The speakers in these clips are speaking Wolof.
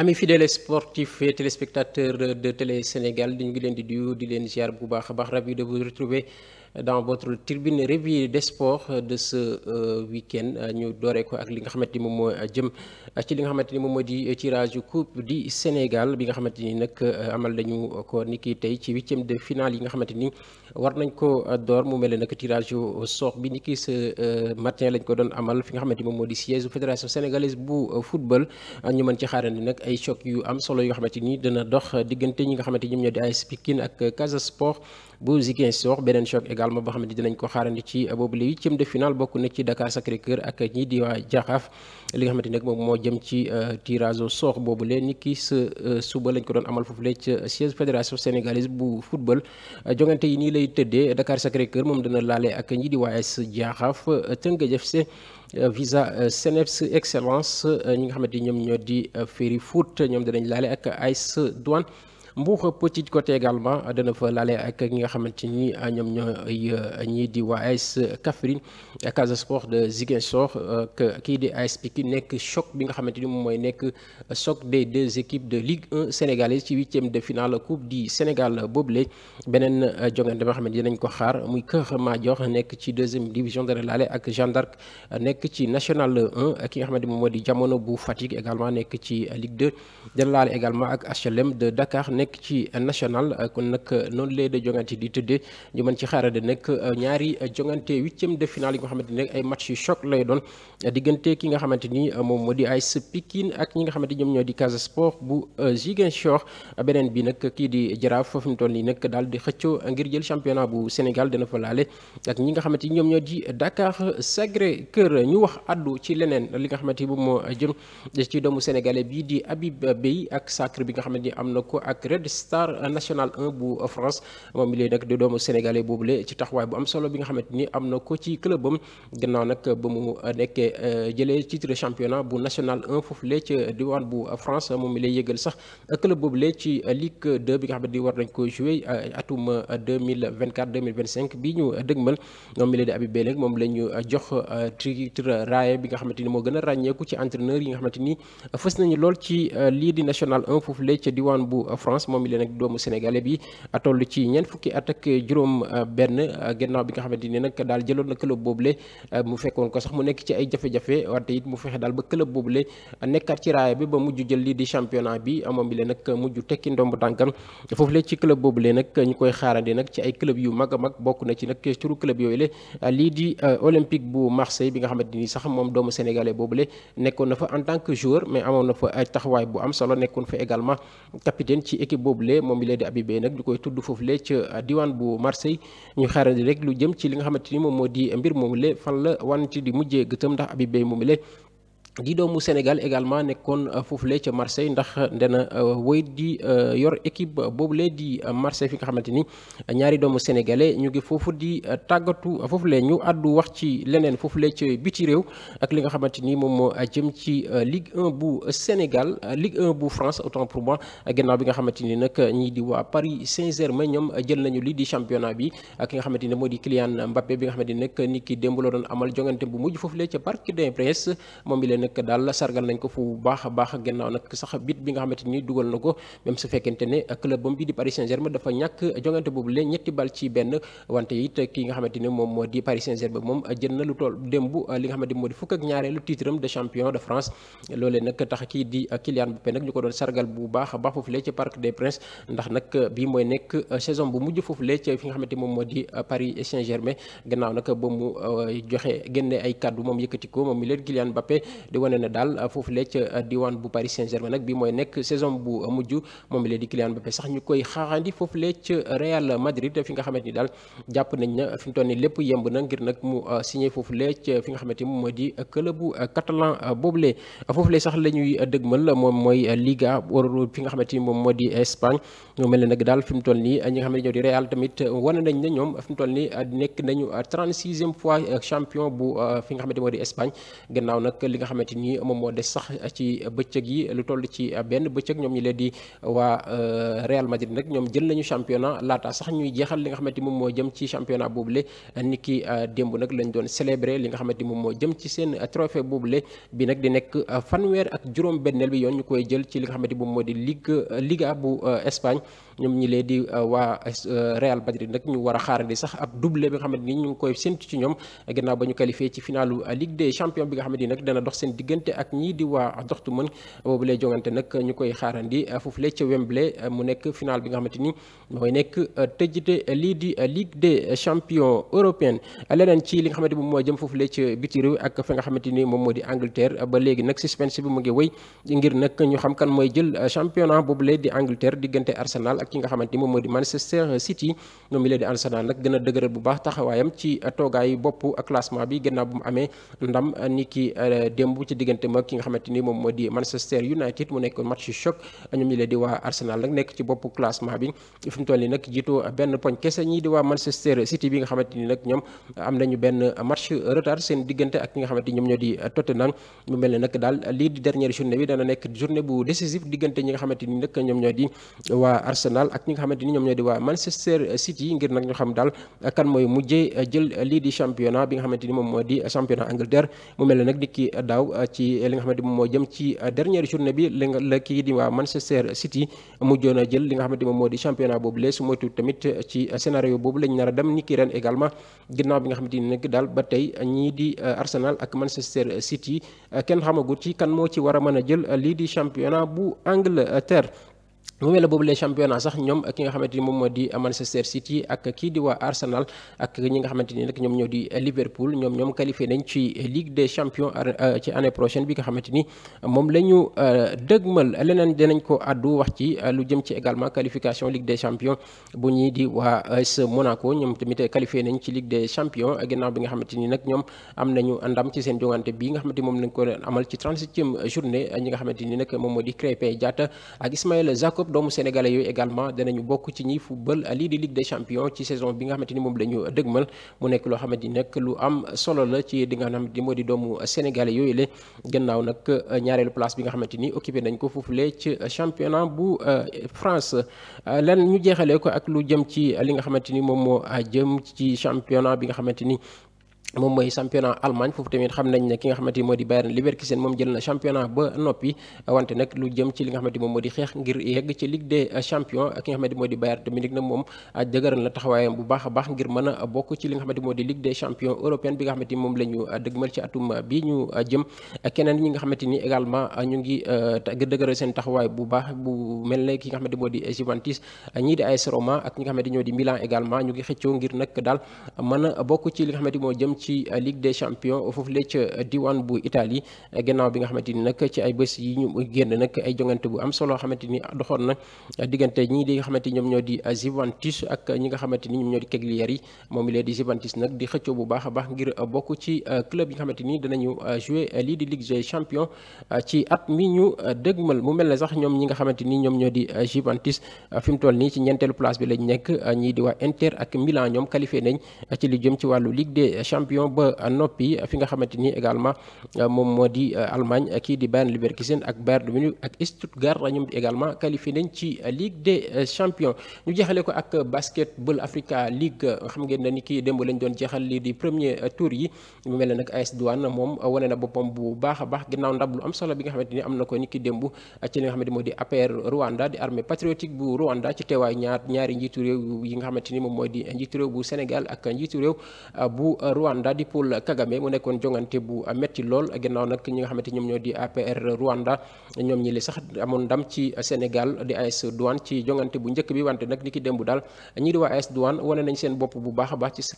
ami fidèles sportifs et téléspectateurs de Télé Sénégal dañu ngi leen di nuyu di leen ziar bu baax a baax ravi de vous retrouver dans votre tribune revue des sports de ce euh, week-end euh, ñu doore ko ak li nga xamante ni moom moo euh, jëm ci li nga xamante ni moom moo di tirage coupe di Sénégal bi nga xamante ni nag amal nañu ko niki tey ci huitième de yi nga xamante ni war nañ ko door mu mel ne nag tirage soox bi niki ce matin lañ ko doon amal fi nga xamante moom moo di siège fédération sénégalaise bu football ñu mën ci xaarandi nag ay choc yu am solo yoo xamante ni dana dox diggante ñi nga xamante ni ñoom ñoo di AS Pikine ak Casa Sport bu Ziguinchor beneen choc Sénégal moom boo xamante dinañ ko xaarandi ci boobu la huitième de finale bokk na ci Dakar Sacré-Cœur ak ñi di waa Jaraaf li nga xamante ne moom moo jëm ci euh, tirage au boobu lee ni ki sa euh, suba lañ ko doon amal foofu lee ca siège fédération sénégalaise bu football jongante yi nii lay tëddee Dakar Sacré-Cœur moom dana laale ak ñi di waa AS Jaraaf Teungueth FC visa euh, seneps excellence ñi nga xamante ni ñoom ñoo di Ferry Foot ñoom danañ laale ak AS Douane Mbour Petite Côte également dana fa laale ak ñi nga xamante ni ñoom ñooy ñii di waa AS Kaffrine Casa Sport de Ziguinchor kii di AS Pikine nekk choc bi nga xamante ni moom mooy nekk choc de deux équipes de Ligue 1 sénégalaise ci huitième de finale Coupe du Sénégal boobule beneen jongante ba nga xamante ni ko xaar muy Kër Madior nekk ci deuxième division dana laale ak Jeanne d'Arc nekk ci national 1 ki nga xamante ni moom di jamono bu Fatick également nekk ci Ligue nekk ci national euh, kon nag euh, noonu lay da jongante di tëddee ñu mën ci xaarade nag euh, ñaari jongante de finale yi nga xamante ni ay match yu choc lay doon diggante ki nga xamante ni moom moo di AS Pikine ak ñi nga xamante ñoom ñoo di Casa Sport bu Ziguinchor beneen bi nag kii di Jaraaf fi mu toll nii nag daal di xëccoo ngir jël championnat bu Sénégal dana fa laale ak ñi nga xamante ni ñoom ñoo di Dakar Sacré-Cœur ñu wax addu ci leneen li nga xamante ni moom moo jëm ci doomu sénégalais bii di Habib Beye ak bi nga xamante ni am Red Star National 1 bu France moom mi nag di doomu sénégalais boobule ci taxawaay bu am solo bi nga xamante ni am na ko ci clubam gannaaw nag ba euh, lay ci Ligue bi nga xamante ni war nañ ko joué euh, atum bi ñu dëgmal moom mi lay di Habib Beye moom la jox euh, titre raaya bi nga xamante ni moo gën a ràññeeku ci entraîneur yi nga xamante ni fës nañu lool ci lii di national 1 foofule ca diwaan bu France France moom mi leen ak doomu sénégalais bi toll ci ñeent fukki at ak juróom benn gannaaw bi nga xamante ni nag daal jëloon na boobu le mu fekkoon ko sax mu nekk ci ay jafe-jafe wante it mu fexe daal ba club boobule nekkaat ci raaya bi ba mujj jël lii di championnat bi moom mi leen nag mujj tekki ndomb tànkam foofule ci club boobule nag ñu koy xaarandi nag ci ay club yu mag a mag bokk na ci nag turu club yooyu le lii di olympique bu Marseille bi nga xamante ni sax moom doomu sénégalais boobule nekkoon na fa en tant que joueur mais amoon na fa taxawaay bu am solo nekkoon fa boobu le moom bi lee di Habibie nag ñu koy tudd foofu foofulee ca diwaan bu Marseille ñu xaarandi rek lu jëm ci li nga xamante ni moom moo di mbir moom le fan la wan ci di mujjee gëtëm ndax Habibie moomu le di doomu Sénégal également nekkoon euh, foofule ca Marseille ndax dana euh, euh, woy di yor équipe boobu boobule di Marseille fi nga xamante ni ñaari doomu sénégalais ñu ngi foofu di tàggatu foofu foofule ñu àddu wax ci leneen foofu foofule ca biti réew ak li nga xamante ni moom moo jëm ci Ligue 1 bu Sénégal Ligue 1 bu France autant pour moi gannaaw bi nga xamante ni nag ñii di waa Paris Saint-Germain ñoom jël nañu lii di championnat bi ak ki nga xamante ni moo di Kylian Mbappé bi nga xamante ni nag ni ki démb la doon amal jongante bu mujj foofule ca Parc des nag daal sargal nañ ko fu baax baax gannaaw nag sax bit bi nga xamante ni dugal na ko même su fekkente ne club bam bi di Paris Saint-Germain dafa ñàkk jongante boobu le moo di Paris Saint-Germain moom jël na lu tool démb li nga xamante ni moo di fukk ak ñaareelu titre am de champion nag a baax foofulee ci Parc des mooy nekk saison bu mujj foofulee ci fi nga xamante ni moom moo di Paris Saint-Germain gannaaw nag ba mu euh, joxe génne ay kàddu moom yëkkati ko moom mi leen Kylian Mbappé di wane ne daal foofu la ca euh, diwaan bu Paris Saint-Germain nag bi mooy nekk saison bu euh, mujj moom la di Kylian Mbappé sax ñu koy xaarandi foofu la ca Real Madrid fi nga xamante moom euh, moo di club bu catalan boobule foofu la sax la dëgmal moom mooy Liga fi nga xamante moom moo di Espagne ñoo nag daal fi mu toll nii ñi nga xamante ñoo di Real tamit wane nañ ne ñoom fi mu toll nii nekk nañu 36 fois champion bu fi nga xamante moo di Espagne gannaaw xamante ni moom moo des sax ci bëccëg yi lu toll ci benn bëccëg ñoom ñi leen di waa euh, Real Madrid nag ñoom jël nañu championnat laata sax ñuy jeexal li nga xamante ni moom moo jëm ci championnat boobule ni ki euh, démb nag lañu doon célébrer li nga xamante ni moom moo jëm ci seen trophée boobule bi nag di nekk euh, fanweer ak juróom benneel bi yoon ñu koy jël ci li nga xamante ni moom moo di ligg liga bu Espagne ñoom ñi lee di euh, waa euh, Real Madrid nag ñu war a xaarandi sax ab doublé bi nga xamante ni ñu ngi koy séntu ci ñoom gannaaw ba ñu qualifié ci finalu euh, Ligue des champions bi nga xamante ni dox seen diggante ak ñii di waa Dortmund boobu lay jongante nag ñu koy xaarandi foofule ca Wembley mu nekk final bi nga xamante ni mooy nekk tëjite lii di Ligue des champions européenne leneen ci li nga xamante ni moom moo jëm foofule ca biti réew ak fi nga xamante ni moom moo di Angleterre ba léegi nag suspense bi mu ngi wéy ngir nag ñu xam kan mooy jël championnat boobu lee di Angleterre diggante Arsenal ak ki nga xamante ni moom moo di Manchester City moom mi leen di Arsenal nag gën a dëgëral bu baax taxawaayam ci toogaay bopp classement bi gannaaw bu mu amee ndam ni ki euh, démb ci diggante ma ki nga xamante ni moom moo di Manchester United mu nekk match choc ñoom ñi bi fi mu toll nii nag jiitu benn poñ kese ñii di ñoom am nañu benn match retard seen diggante ak ñi nga xamante ñoom ñoo di Tottenham mu mel ne nag daal lii di dernière journée bi dana nekk journée bu décisive diggante ñi nga xamante ni nag ñoom ñoo di waa Arsenal Arsenal ak ñi nga xamante ni ñoom ñoo di waa Manchester City ngir nag ñu xam daal kan mooy mujjee jël lii di championnat bi nga xamante ni moom moo di championnat Angleterre mu mel ne nag di ki daaw ci li nga xamante moom moo jëm ci dernière journée bi li nga la kii di waa Manchester City mujjoon jël li nga xamante moom moo di championnat boobu lee su moytu tamit ci scénario boobu lañ nar a dem ni ki ren également ginnaaw bi nga xamante ni nag daal ba tey ñii di Arsenal ak Manchester City kenn xamagut ci kan moo ci war a mën a jël lii di championnat bu Angleterre mu mel ne boobu les championnat sax ñoom ki nga xamante ni moom moo di Manchester City ak kii di waa Arsenal ak ñi nga xamante ni nag ñoom ñoo di Liverpool ñoom ñoom qualifié nañ ci Ligue des champions euh, euh, euh, ko àddu wax ci lu jëm ci également qualification Ligue des champions bu ñii di waa AS Monaco ñoom tamit qualifié nañ ci Ligue des champions ginnaaw bi nga xamante ni nag ñoom am nañu ndam ci seen jongante bi nga xamante ni moom lañ ko amal ci 37 journée ñi nga xamante ni nag moom moo di Krépin Diatta ak Ismaël Jakobs doomu sénégalais yooyu également danañu bokk ci ñi football lii di ligue des champions ci saison bi nga xamante ni moom la ñu dëgmal mu nekk loo xamante ni lu am solo la ci di nga xamante ni moo di doomu sénégalais yooyu la gannaaw nag ñaareelu place bi nga xamante ni occupé nañ ko foofule ci championnat bu euh, France euh, lan ñu jeexalee ko ak lu jëm ci li nga xamante ni moom moo a euh, jëm ci championnat bi nga xamante ni moom mooy championnat Allemagne foofu tamit xam nañ ne ki nga xamante ni moo di Bayern Leverkusen moom jël na championnat ba noppi wante nag lu jëm ci li nga xamante moo di xeex ngir yegg ci Ligue des champions ki nga xamante moo di Bayern moom dëgëral na taxawaayam bu baax a baax ngir mën a bokk ci li nga moo di Ligue des champions européenne bi nga xamante ni moom la ñu nga xamante ni également ñu ngi dëgëral seen taxawaay bu baax bu mel ne ki nga xamante moo di Juventus ñii di AS Roma ak ñi nga xamante ñoo di Milan également ñu ngi xëccoo ngir nag daal mën a bokk ci li nga xamante moo jëm ci Ligue des champions foofule ca diwaan bu Italie gannaaw bi nga xamante ni nag ci ay bés yi ñu génn nag ay jongante bu am solo xamante ni doxoon na diggante ñii di nga xamante ñoom ñoo di Juventus ak ñi nga xamante ni ñoom ñoo di Cagliari moom ilee di Juventus nag di xëccoo bu baax a baax bokk ci euh, club yi nga ni danañu euh, jouer lii di Ligue des champions euh, ci at mi ñu dëgmal mu mel ne sax ñoom ñi nga xamante ni ñoom ñoo di Juventus fi mu toll nii ci ñeenteelu place bi lañ nekk ñi di waa Inter ak Milan ñoom qualifié nañ ci li ci wàllu champion ba noppi fi nga xamante ni également euh, moom moo di euh, Allemagne euh, kii di Bayer Leverkusen ak Bayern Munich ak Stuttgart ñoom également qualifié nañ ci Ligue des champions ñu jeexale ko ak Basketball Africa League xam ngeen ne ni kii démb lañ doon jeexal lii di premier tour yi mu mel ne nag AS Douane moom wane na boppam bu baax a baax ginnaaw ndab lu am solo bi nga xamante ni am na ko ni ki démb ci li nga xamante moo di APR Rwanda di armée patriotique bu Rwanda ci teewaay ñaar ñaari njiitu réew yi nga xamante ni moom mooy di njiitu réew bu Sénégal ak njiitu réew Rwanda di Paul Kagame mu nekkoon jongante bu metti lool ginnaaw nag ñi nga di APR Rwanda ñoom ñi li sax amoon bu njëkk bi wante nag ni ki démb daal ñii di waa AS Douane wane nañ seen bopp bu a baax eh,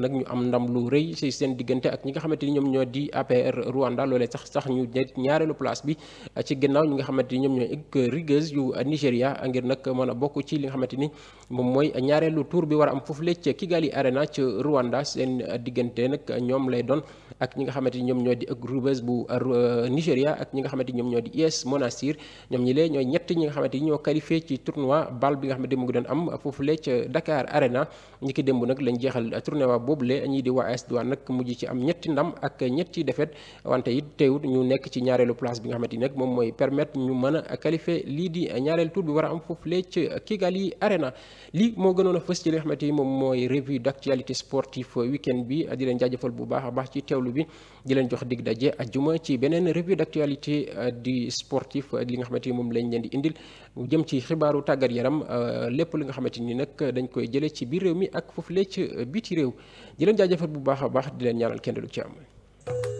nag ñu am ndam lu rëy ci seen diggante ak ñi nga xamante ni ñoom ñoo di APR Rwanda loolee tax sax ñu ñaareelu place bi eh, ci ginnaaw ñi nga xamante ni ñoom ñoo ek Rigueuse yu Nigéria ngir nag mën a bokk ci li nga xamante ni moom mooy ñaareelu tour bi war am foofu la ca Kigali Kigali Arena ci Rwanda seen diggante nag ñoom lay doon ak ñi nga xamante ñoom ñoo di ak Rubes bu euh, Nigéria ak ñi nga ñoo di US Monastir ñoom ñi lee ñooy ñett ñi nga xamante ni ñoo qualifié ci tournoi bal bi nga xamante ni mu ngi doon di waa AS Douanes nag mujj ci am ñetti ndam ak ñetti defet ñu nekk ci ñaareelu place bi nga xamante ni nag moom mooy permettre ñu mën a qualifié lii di ñaareel tour bi war a am foofu lee ca Kigali Arena lii moo gënoon a fës ci li nga xamante moom mooy revue revue d' actualité sportive week-end bi di leen jaajëfal bu baax a baax ci teewlu bi di leen jox digg daje ajjuma ci beneen revue d' actualité euh, di sportif euh, li nga xamante ni moom lañ leen di indil mu jëm ci xibaaru tàggat yaram euh, lépp li nga xamante ni nag dañ koy jëlee ci biir réew mi ak foofu lee ci réew di leen jaajëfal bu baax a baax di leen ñaanal kenn du ci am.